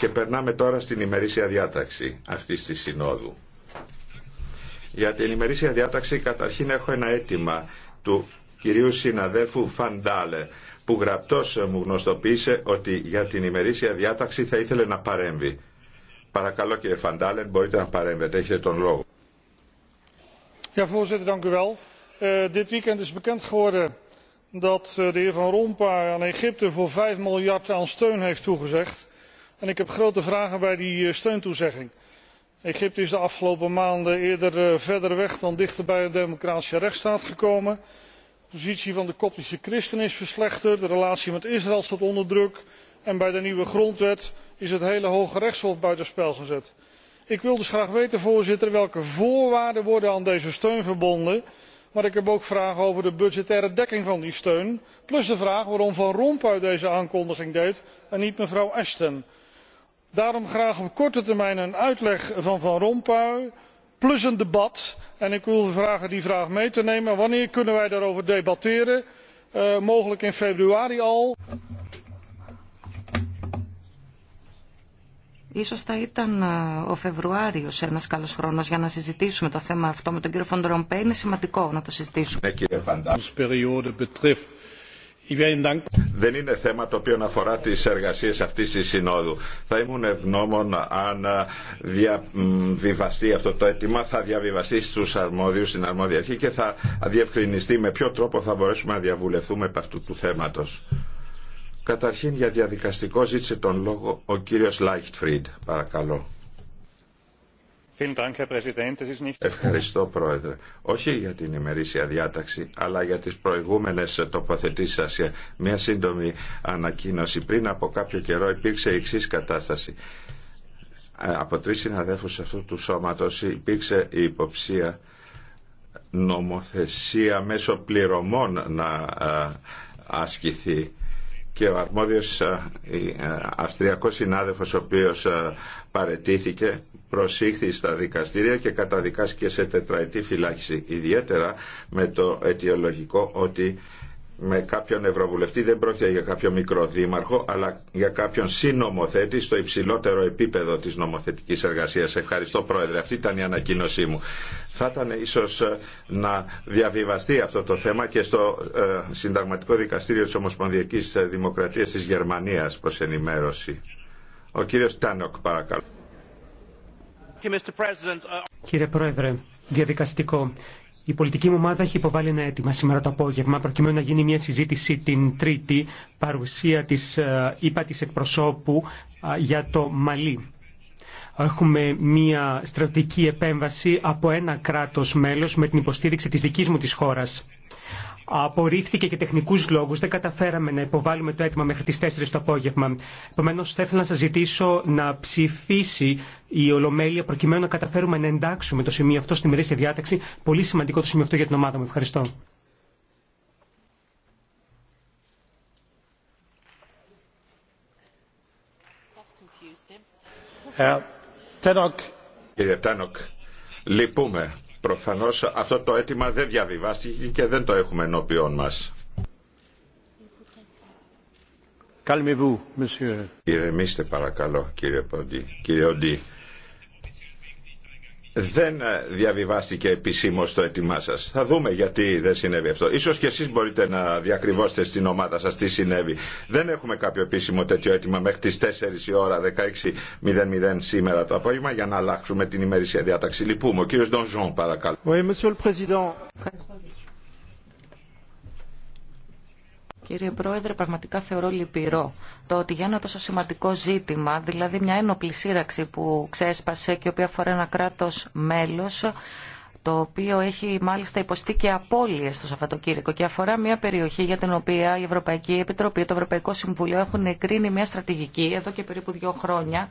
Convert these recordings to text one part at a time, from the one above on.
Και περνάμε τώρα στην ημερήσια διάταξη αυτή τη Συνόδου. Για την ημερήσια διάταξη καταρχήν έχω ένα αίτημα του κυρίου συναδέλφου Φαντάλε που γραπτός μου γνωστοποίησε ότι για την ημερήσια διάταξη θα ήθελε να παρέμβει. Παρακαλώ κύριε Φαντάλε μπορείτε να παρέμβετε, έχετε τον λόγο. Ja, voorzitter, dank u wel. Uh, dit weekend is bekend geworden dat uh, de heer Van Rompuy aan Egypte voor 5 miljard aan steun heeft toegezegd En ik heb grote vragen bij die steuntoezegging. egypte is de afgelopen maanden eerder verder weg dan dichter bij een democratische rechtsstaat gekomen. de positie van de koptische christenen is verslechterd de relatie met israël staat onder druk en bij de nieuwe grondwet is het hele Hoge Rechtshof buitenspel gezet. ik wil dus graag weten voorzitter welke voorwaarden worden aan deze steun verbonden maar ik heb ook vragen over de budgettaire dekking van die steun plus de vraag waarom van rompuy deze aankondiging deed en niet mevrouw ashton daarom graag op korte termijn een uitleg van van rompuy plus een debat en ik wil u vragen die vraag mee te nemen. wanneer kunnen wij daarover debatteren? mogelijk in februari al? Ίσως θα ήταν ο Φεβρουάριος ένας καλός χρόνος για να συζητήσουμε το θέμα αυτό με τον κύριο Φαντρομπέ. Είναι σημαντικό να το συζητήσουμε. Δεν είναι θέμα το οποίο αφορά τι εργασίε αυτή τη Συνόδου. Θα ήμουν ευγνώμων αν ε, διαβιβαστεί αυτό το αίτημα, θα διαβιβαστεί στου αρμόδιου στην αρμόδια αρχή και θα διευκρινιστεί με ποιο τρόπο θα μπορέσουμε να διαβουλευτούμε επ' αυτού του θέματο. Καταρχήν για διαδικαστικό ζήτησε τον λόγο ο κύριος Λάιχτφριντ. Παρακαλώ. Ευχαριστώ Πρόεδρε. Όχι για την ημερήσια διάταξη, αλλά για τις προηγούμενες τοποθετήσεις σας. Μια σύντομη ανακοίνωση. Πριν από κάποιο καιρό υπήρξε η εξή κατάσταση. Ε, από τρεις συναδέλφους αυτού του σώματος υπήρξε η υποψία νομοθεσία μέσω πληρωμών να ε, ασκηθεί και ο αρμόδιος ε, ε, αυστριακός συνάδελφος ο οποίος ε, παρετήθηκε προσήχθη στα δικαστήρια και καταδικάστηκε σε τετραετή φυλάκιση ιδιαίτερα με το αιτιολογικό ότι με κάποιον ευρωβουλευτή, δεν πρόκειται για κάποιο μικρό δήμαρχο, αλλά για κάποιον συνομοθέτη στο υψηλότερο επίπεδο της νομοθετικής εργασίας. Ευχαριστώ Πρόεδρε, αυτή ήταν η ανακοίνωσή μου. Θα ήταν ίσως ε, να διαβιβαστεί αυτό το θέμα και στο ε, Συνταγματικό Δικαστήριο της Ομοσπονδιακής Δημοκρατίας της Γερμανίας προς ενημέρωση. Ο κύριος Τάνοκ παρακαλώ. Κύριε Πρόεδρε, διαδικαστικό. Η πολιτική μου ομάδα έχει υποβάλει ένα αίτημα σήμερα το απόγευμα προκειμένου να γίνει μια συζήτηση την Τρίτη παρουσία της ε, ΥΠΑ της εκπροσώπου ε, για το Μαλί. Έχουμε μια στρατηγική επέμβαση από ένα κράτος μέλος με την υποστήριξη της δικής μου της χώρας απορρίφθηκε και τεχνικού λόγου. Δεν καταφέραμε να υποβάλουμε το αίτημα μέχρι τι 4 το απόγευμα. Επομένω, θα ήθελα να σα ζητήσω να ψηφίσει η Ολομέλεια προκειμένου να καταφέρουμε να εντάξουμε το σημείο αυτό στη μερίσια διάταξη. Πολύ σημαντικό το σημείο αυτό για την ομάδα μου. Ευχαριστώ. Ε, λυπούμε Προφανώς αυτό το αίτημα δεν διαβιβάστηκε και δεν το έχουμε ενώπιόν μας. Ηρεμήστε παρακαλώ κύριε Ποντή. Κύριε Οντή, δεν ε, διαβιβάστηκε επισήμω το έτοιμά σα. Θα δούμε γιατί δεν συνέβη αυτό. σω και εσεί μπορείτε να διακριβώσετε στην ομάδα σα τι συνέβη. Δεν έχουμε κάποιο επίσημο τέτοιο αίτημα μέχρι τι 4 η ώρα, 16.00 σήμερα το απόγευμα, για να αλλάξουμε την ημερήσια διάταξη. Λυπούμε. Ο κύριο Ντονζόν, παρακαλώ. Oui, Κύριε Πρόεδρε, πραγματικά θεωρώ λυπηρό το ότι για ένα τόσο σημαντικό ζήτημα, δηλαδή μια ένοπλη σύραξη που ξέσπασε και η οποία αφορά ένα κράτος μέλος, το οποίο έχει μάλιστα υποστεί και απώλειες στο Σαββατοκύριακο και αφορά μια περιοχή για την οποία η Ευρωπαϊκή Επιτροπή, το Ευρωπαϊκό Συμβούλιο έχουν κρίνει μια στρατηγική εδώ και περίπου δύο χρόνια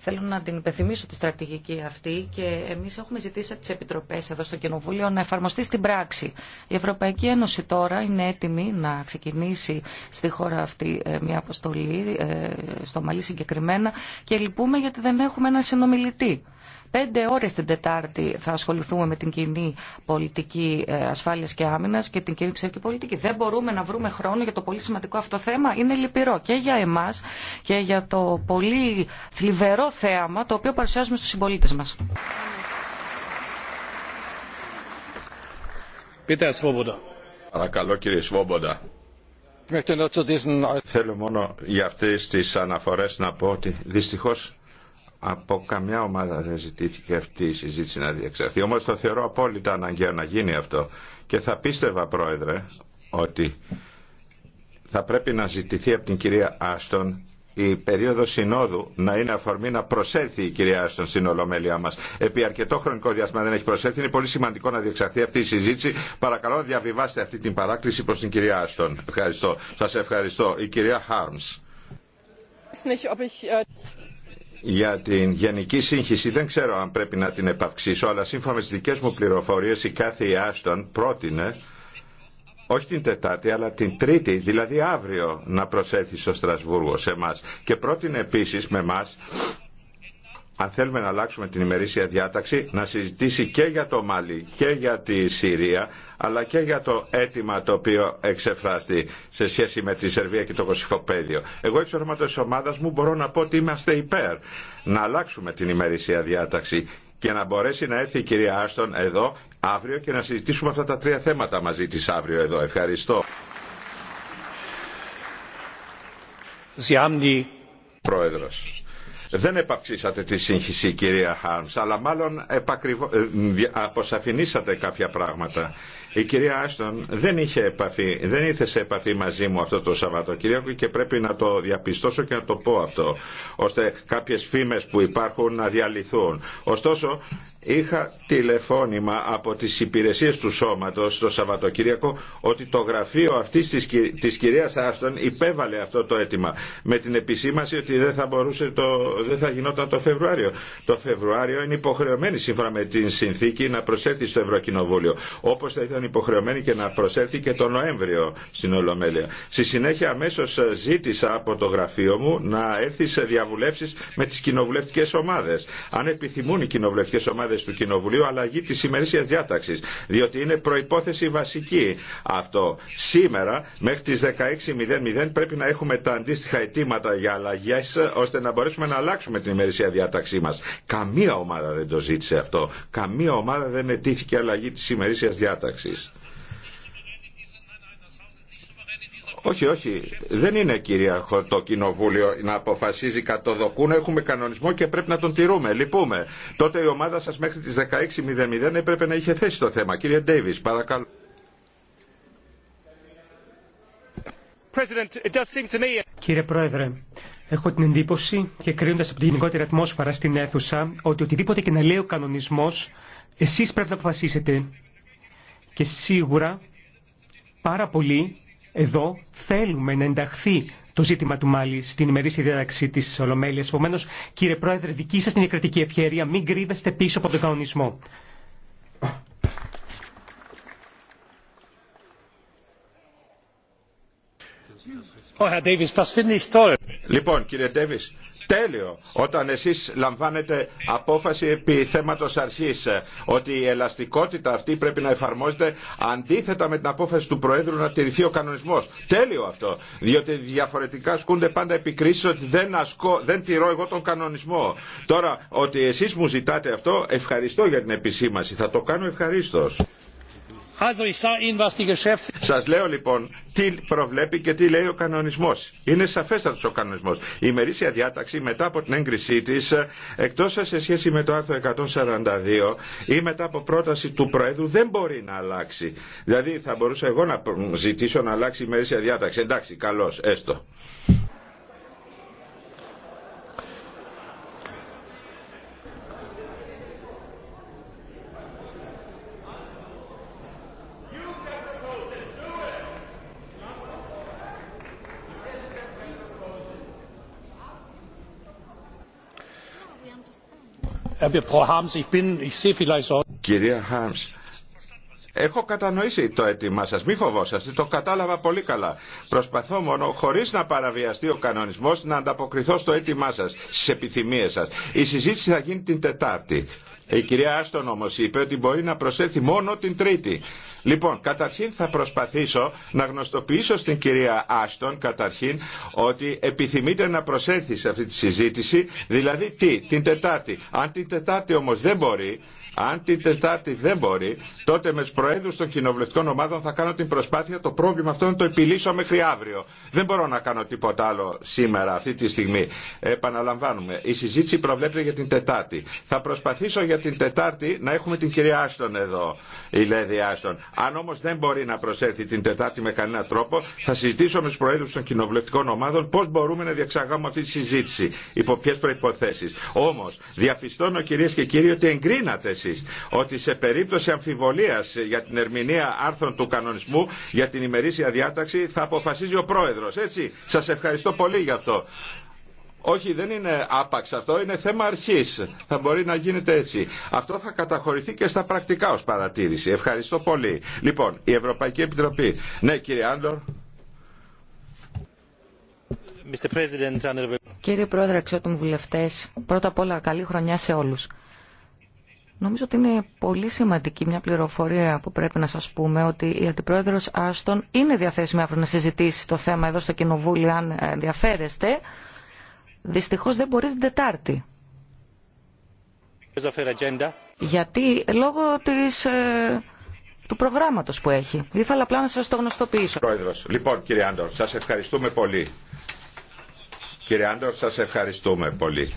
Θέλω να την υπενθυμίσω τη στρατηγική αυτή και εμείς έχουμε ζητήσει από τις επιτροπές εδώ στο Κοινοβούλιο να εφαρμοστεί στην πράξη. Η Ευρωπαϊκή Ένωση τώρα είναι έτοιμη να ξεκινήσει στη χώρα αυτή ε, μια αποστολή, ε, στο Μαλί συγκεκριμένα, και λυπούμε γιατί δεν έχουμε ένα συνομιλητή. Πέντε ώρες την Τετάρτη θα ασχοληθούμε με την κοινή πολιτική ε, ασφάλειας και άμυνας και την κοινή εξωτερική πολιτική. Δεν μπορούμε να βρούμε χρόνο για το πολύ σημαντικό αυτό θέμα. Είναι λυπηρό και για εμάς και για το πολύ θλιβερό θέαμα το οποίο παρουσιάζουμε στους συμπολίτες μας. Παρακαλώ κύριε Θέλω μόνο για αυτές τις αναφορές να πω ότι δυστυχώς από καμιά ομάδα δεν ζητήθηκε αυτή η συζήτηση να διεξαχθεί. Όμως το θεωρώ απόλυτα αναγκαίο να γίνει αυτό. Και θα πίστευα, Πρόεδρε, ότι θα πρέπει να ζητηθεί από την κυρία Άστον η περίοδο συνόδου να είναι αφορμή να προσέλθει η κυρία Άστον στην Ολομέλειά μα. Επί αρκετό χρονικό διάστημα δεν έχει προσέλθει. Είναι πολύ σημαντικό να διεξαχθεί αυτή η συζήτηση. Παρακαλώ, διαβιβάστε αυτή την παράκληση προ την κυρία Άστον. Ευχαριστώ. Σα ευχαριστώ. Η κυρία Χάρμ για την γενική σύγχυση δεν ξέρω αν πρέπει να την επαυξήσω αλλά σύμφωνα με τις δικές μου πληροφορίες η κάθε Άστον πρότεινε όχι την Τετάρτη αλλά την Τρίτη, δηλαδή αύριο να προσέλθει στο Στρασβούργο σε εμά. Και πρότεινε επίσης με εμά αν θέλουμε να αλλάξουμε την ημερήσια διάταξη, να συζητήσει και για το Μάλι και για τη Συρία, αλλά και για το αίτημα το οποίο εξεφράστη σε σχέση με τη Σερβία και το Κωσυφοπαίδιο. Εγώ εξ ονόματο ομάδα μου μπορώ να πω ότι είμαστε υπέρ να αλλάξουμε την ημερήσια διάταξη και να μπορέσει να έρθει η κυρία Άστον εδώ αύριο και να συζητήσουμε αυτά τα τρία θέματα μαζί της αύριο εδώ. Ευχαριστώ. Δεν επαυξήσατε τη σύγχυση κυρία Χάρμς, αλλά μάλλον ε, αποσαφηνίσατε κάποια πράγματα. Η κυρία Άστον δεν, είχε επαφή, δεν ήρθε σε επαφή μαζί μου αυτό το Σαββατοκύριακο και πρέπει να το διαπιστώσω και να το πω αυτό, ώστε κάποιες φήμες που υπάρχουν να διαλυθούν. Ωστόσο, είχα τηλεφώνημα από τις υπηρεσίες του σώματος το Σαββατοκύριακο ότι το γραφείο αυτής της, κυρία κυρίας Άστον υπέβαλε αυτό το αίτημα με την επισήμαση ότι δεν θα, μπορούσε το, δεν θα γινόταν το Φεβρουάριο. Το Φεβρουάριο είναι υποχρεωμένη σύμφωνα με την συνθήκη να προσέλθει στο Ευρωκοινοβούλιο. Όπως ήταν υποχρεωμένη και να προσέλθει και το Νοέμβριο στην Ολομέλεια. Στη συνέχεια αμέσω ε, ζήτησα από το γραφείο μου να έρθει σε διαβουλεύσει με τι κοινοβουλευτικέ ομάδε. Αν επιθυμούν οι κοινοβουλευτικέ ομάδε του Κοινοβουλίου αλλαγή τη ημερήσια διάταξη. Διότι είναι προπόθεση βασική αυτό. Σήμερα μέχρι τι 16.00 πρέπει να έχουμε τα αντίστοιχα αιτήματα για αλλαγέ ώστε να μπορέσουμε να αλλάξουμε την ημερήσια διάταξή μα. Καμία ομάδα δεν το ζήτησε αυτό. Καμία ομάδα δεν ετήθηκε αλλαγή τη ημερήσια διάταξη. Όχι, όχι. Δεν είναι κυρίαρχο το Κοινοβούλιο να αποφασίζει κατ' Έχουμε κανονισμό και πρέπει να τον τηρούμε. Λυπούμε. Τότε η ομάδα σας μέχρι τις 16.00 έπρεπε να είχε θέσει το θέμα. Κύριε Ντέιβις, παρακαλώ. Κύριε Πρόεδρε, έχω την εντύπωση και κρίνοντα από την γενικότερη ατμόσφαιρα στην αίθουσα ότι οτιδήποτε και να λέει ο κανονισμό, εσεί πρέπει να αποφασίσετε. Και σίγουρα πάρα πολλοί εδώ θέλουμε να ενταχθεί το ζήτημα του Μάλι στην ημερήσια διάταξη τη Ολομέλεια. Επομένω, κύριε Πρόεδρε, δική σα την εκκρατική ευκαιρία. μην κρύβεστε πίσω από τον κανονισμό. Oh, Λοιπόν, κύριε Τέβη, τέλειο όταν εσείς λαμβάνετε απόφαση επί θέματος αρχής ε, ότι η ελαστικότητα αυτή πρέπει να εφαρμόζεται αντίθετα με την απόφαση του Προέδρου να τηρηθεί ο κανονισμός. Τέλειο αυτό, διότι διαφορετικά ασκούνται πάντα επικρίσεις ότι δεν, ασκώ, δεν τηρώ εγώ τον κανονισμό. Τώρα, ότι εσεί μου ζητάτε αυτό, ευχαριστώ για την επισήμαση. Θα το κάνω ευχαριστώ. Σα λέω λοιπόν τι προβλέπει και τι λέει ο κανονισμό. Είναι σαφέστατο ο κανονισμός. Η μερίσια διάταξη μετά από την έγκρισή τη, εκτό σε σχέση με το άρθρο 142 ή μετά από πρόταση του Προέδρου δεν μπορεί να αλλάξει. Δηλαδή θα μπορούσα εγώ να ζητήσω να αλλάξει η μερίσια διάταξη. Εντάξει, καλώς, έστω. Κυρία Χάμς, Έχω κατανοήσει το αίτημά σας, μη φοβόσαστε, το κατάλαβα πολύ καλά. Προσπαθώ μόνο, χωρίς να παραβιαστεί ο κανονισμός, να ανταποκριθώ στο αίτημά σας, στις επιθυμίες σας. Η συζήτηση θα γίνει την Τετάρτη. Η κυρία Άστον όμως είπε ότι μπορεί να προσέθει μόνο την Τρίτη. Λοιπόν, καταρχήν θα προσπαθήσω να γνωστοποιήσω στην κυρία Άστον καταρχήν ότι επιθυμείτε να προσέλθει σε αυτή τη συζήτηση, δηλαδή τι, την Τετάρτη. Αν την Τετάρτη όμως δεν μπορεί, αν την Τετάρτη δεν μπορεί, τότε με του Προέδρου των Κοινοβουλευτικών Ομάδων θα κάνω την προσπάθεια το πρόβλημα αυτό να το επιλύσω μέχρι αύριο. Δεν μπορώ να κάνω τίποτα άλλο σήμερα, αυτή τη στιγμή. Επαναλαμβάνουμε, η συζήτηση προβλέπεται για την Τετάρτη. Θα προσπαθήσω για την Τετάρτη να έχουμε την κυρία Άστον εδώ, η Λέδη Άστον. Αν όμω δεν μπορεί να προσέλθει την Τετάρτη με κανένα τρόπο, θα συζητήσω με του Προέδρου των Κοινοβουλευτικών Ομάδων πώ μπορούμε να διαξαγάμε αυτή τη συζήτηση, υπό ποιε προποθέσει. Όμω, διαπιστώνω κυρίε και κύριοι ότι εγκρίνατε ότι σε περίπτωση αμφιβολίας για την ερμηνεία άρθρων του κανονισμού για την ημερήσια διάταξη θα αποφασίζει ο πρόεδρος. Έτσι, σας ευχαριστώ πολύ γι' αυτό. Όχι, δεν είναι άπαξ αυτό, είναι θέμα αρχή. Θα μπορεί να γίνεται έτσι. Αυτό θα καταχωρηθεί και στα πρακτικά ω παρατήρηση. Ευχαριστώ πολύ. Λοιπόν, η Ευρωπαϊκή Επιτροπή. Ναι, κύριε Άντορ. Κύριε Πρόεδρε, αξιότιμοι βουλευτέ, πρώτα απ' όλα καλή χρονιά σε όλους. Νομίζω ότι είναι πολύ σημαντική μια πληροφορία που πρέπει να σας πούμε ότι η Αντιπρόεδρος Άστον είναι διαθέσιμη αύριο να συζητήσει το θέμα εδώ στο Κοινοβούλιο αν ενδιαφέρεστε. Δυστυχώς δεν μπορεί την Τετάρτη. Γιατί λόγω της, ε, του προγράμματος που έχει. Ήθελα απλά να σας το γνωστοποιήσω. Πρόεδρος. Λοιπόν κύριε Άντορ, σας ευχαριστούμε πολύ. Κύριε Άντορ, σας ευχαριστούμε πολύ.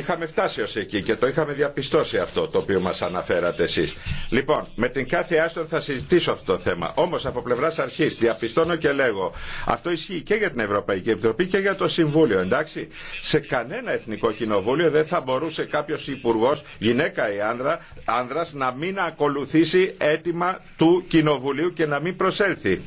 Είχαμε φτάσει ως εκεί και το είχαμε διαπιστώσει αυτό το οποίο μας αναφέρατε εσείς. Λοιπόν, με την κάθε άστον θα συζητήσω αυτό το θέμα. Όμως από πλευράς αρχής διαπιστώνω και λέγω, αυτό ισχύει και για την Ευρωπαϊκή Επιτροπή και για το Συμβούλιο, εντάξει. Σε κανένα εθνικό κοινοβούλιο δεν θα μπορούσε κάποιος υπουργός, γυναίκα ή άνδρα, άνδρας, να μην ακολουθήσει αίτημα του κοινοβουλίου και να μην προσέλθει.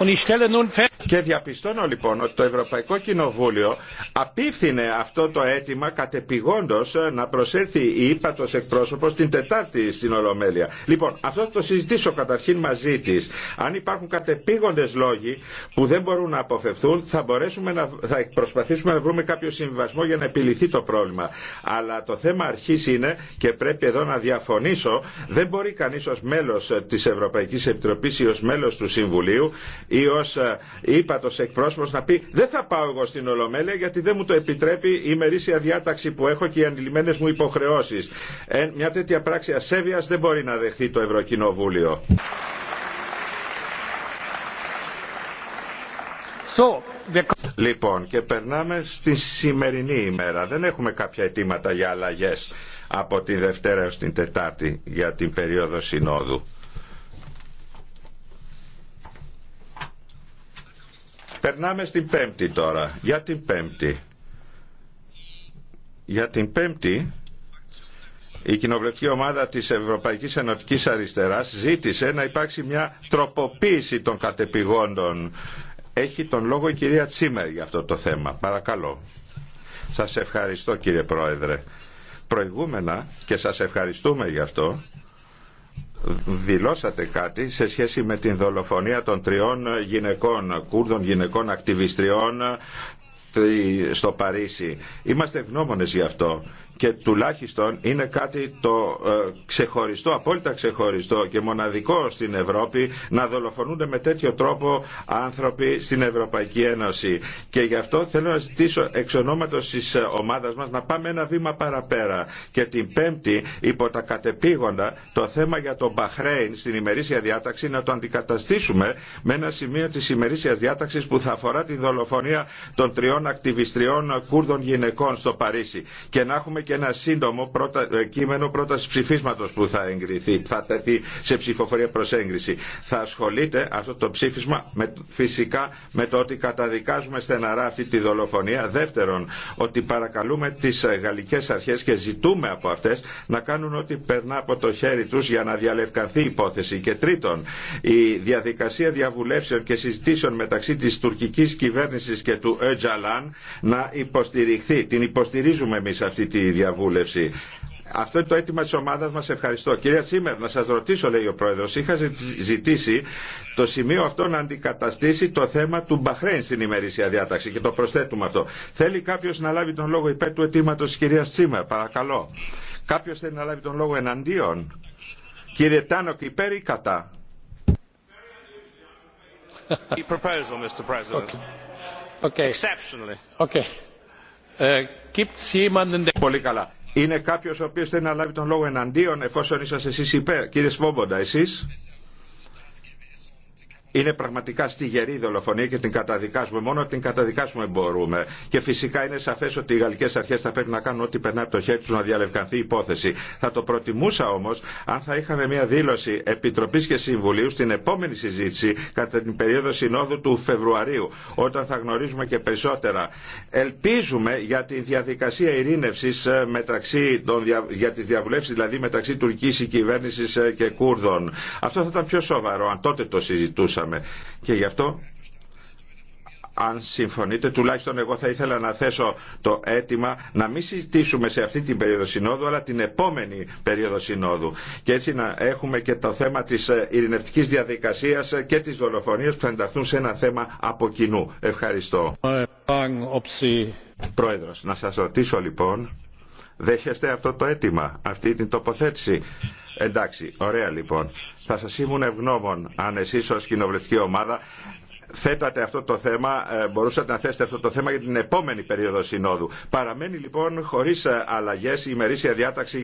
Und ich stelle nun και διαπιστώνω λοιπόν ότι το Ευρωπαϊκό Κοινοβούλιο απίφθινε αυτό το αίτημα κατεπηγόντως ε, να προσέλθει η ύπατος εκπρόσωπος την Τετάρτη στην Ολομέλεια. Λοιπόν, αυτό θα το συζητήσω καταρχήν μαζί της. Αν υπάρχουν κατεπήγοντες λόγοι που δεν μπορούν να αποφευθούν, θα, μπορέσουμε να, θα προσπαθήσουμε να βρούμε κάποιο συμβασμό για να επιληθεί το πρόβλημα. Αλλά το θέμα αρχής είναι, και πρέπει εδώ να διαφωνήσω, δεν μπορεί κανείς ως μέλος ε, της Ευρωπαϊκής Επιτροπής ή ω μέλος του Συμβουλίου ή ε, ύπατο εκπρόσωπο να πει Δεν θα πάω εγώ στην Ολομέλεια γιατί δεν μου το επιτρέπει η μερίσια διάταξη που έχω και οι αντιλημμένε μου υποχρεώσει. μια τέτοια πράξη ασέβεια δεν μπορεί να δεχθεί το Ευρωκοινοβούλιο. Λοιπόν, και περνάμε στη σημερινή ημέρα. Δεν έχουμε κάποια αιτήματα για αλλαγέ από τη Δευτέρα έως την Τετάρτη για την περίοδο Συνόδου. Περνάμε στην πέμπτη τώρα. Για την πέμπτη. Για την πέμπτη η κοινοβουλευτική ομάδα της Ευρωπαϊκής Ενωτικής Αριστεράς ζήτησε να υπάρξει μια τροποποίηση των κατεπηγόντων. Έχει τον λόγο η κυρία Τσίμερ για αυτό το θέμα. Παρακαλώ. Σας ευχαριστώ κύριε Πρόεδρε. Προηγούμενα και σας ευχαριστούμε γι' αυτό δηλώσατε κάτι σε σχέση με την δολοφονία των τριών γυναικών, Κούρδων γυναικών ακτιβιστριών στο Παρίσι. Είμαστε γνώμονες γι' αυτό και τουλάχιστον είναι κάτι το ε, ξεχωριστό, απόλυτα ξεχωριστό και μοναδικό στην Ευρώπη να δολοφονούνται με τέτοιο τρόπο άνθρωποι στην Ευρωπαϊκή Ένωση. Και γι' αυτό θέλω να ζητήσω εξ ονόματος της ε, ομάδας μας να πάμε ένα βήμα παραπέρα και την Πέμπτη υπό τα κατεπήγοντα το θέμα για τον Μπαχρέιν στην ημερήσια διάταξη να το αντικαταστήσουμε με ένα σημείο της ημερήσια διάταξη που θα αφορά τη δολοφονία των τριών ακτιβιστριών ε, Κούρδων γυναικών στο Παρίσι και να έχουμε και ένα σύντομο πρώτα, ε, κείμενο πρόταση ψηφίσματο που θα εγκριθεί, θα τεθεί σε ψηφοφορία προς έγκριση. Θα ασχολείται αυτό το ψήφισμα με, φυσικά με το ότι καταδικάζουμε στεναρά αυτή τη δολοφονία. Δεύτερον, ότι παρακαλούμε τι ε, γαλλικέ αρχέ και ζητούμε από αυτέ να κάνουν ό,τι περνά από το χέρι του για να διαλευκανθεί η υπόθεση. Και τρίτον, η διαδικασία διαβουλεύσεων και συζητήσεων μεταξύ τη τουρκική κυβέρνηση και του Ετζαλάν να υποστηριχθεί. Την υποστηρίζουμε εμεί αυτή τη διαβούλευση. Αυτό είναι το αίτημα τη ομάδα μα. Ευχαριστώ. Κυρία Τσίμερ, να σα ρωτήσω, λέει ο πρόεδρο, είχα ζητήσει το σημείο αυτό να αντικαταστήσει το θέμα του Μπαχρέν στην ημερήσια διάταξη και το προσθέτουμε αυτό. Θέλει κάποιο να λάβει τον λόγο υπέρ του αιτήματο τη κυρία Τσίμερ, παρακαλώ. Κάποιο θέλει να λάβει τον λόγο εναντίον. Κύριε Τάνοκ, υπέρ ή κατά. Okay. Okay. Exceptionally. Okay. Ε, Πολύ καλά. Είναι κάποιο ο οποίο θέλει να λάβει τον λόγο εναντίον εφόσον είσαστε εσεί υπέρ. Κύριε Σβόμποντα, εσεί είναι πραγματικά στη γερή δολοφονία και την καταδικάζουμε. Μόνο την καταδικάσουμε μπορούμε. Και φυσικά είναι σαφέ ότι οι γαλλικέ αρχέ θα πρέπει να κάνουν ό,τι περνάει από το χέρι του να διαλευκανθεί η υπόθεση. Θα το προτιμούσα όμω αν θα είχαμε μια δήλωση Επιτροπή και Συμβουλίου στην επόμενη συζήτηση κατά την περίοδο συνόδου του Φεβρουαρίου, όταν θα γνωρίζουμε και περισσότερα. Ελπίζουμε για τη διαδικασία ειρήνευση ε, μεταξύ των, για τι διαβουλεύσει δηλαδή μεταξύ τουρκική κυβέρνηση ε, και Κούρδων. Αυτό θα ήταν πιο σοβαρό αν τότε το συζητούσαμε και γι' αυτό αν συμφωνείτε, τουλάχιστον εγώ θα ήθελα να θέσω το αίτημα να μην συζητήσουμε σε αυτή την περίοδο συνόδου, αλλά την επόμενη περίοδο συνόδου. Και έτσι να έχουμε και το θέμα τη ε, ειρηνευτική διαδικασία και της δολοφονίας που θα ενταχθούν σε ένα θέμα από κοινού. Ευχαριστώ. Πρόεδρο, να σα ρωτήσω λοιπόν, δέχεστε αυτό το αίτημα, αυτή την τοποθέτηση. Εντάξει, ωραία λοιπόν. Θα σας ήμουν ευγνώμων αν εσείς ως κοινοβουλευτική ομάδα θέτατε αυτό το θέμα, ε, μπορούσατε να θέσετε αυτό το θέμα για την επόμενη περίοδο συνόδου. Παραμένει λοιπόν χωρί ε, αλλαγέ, η ημερήσια διάταξη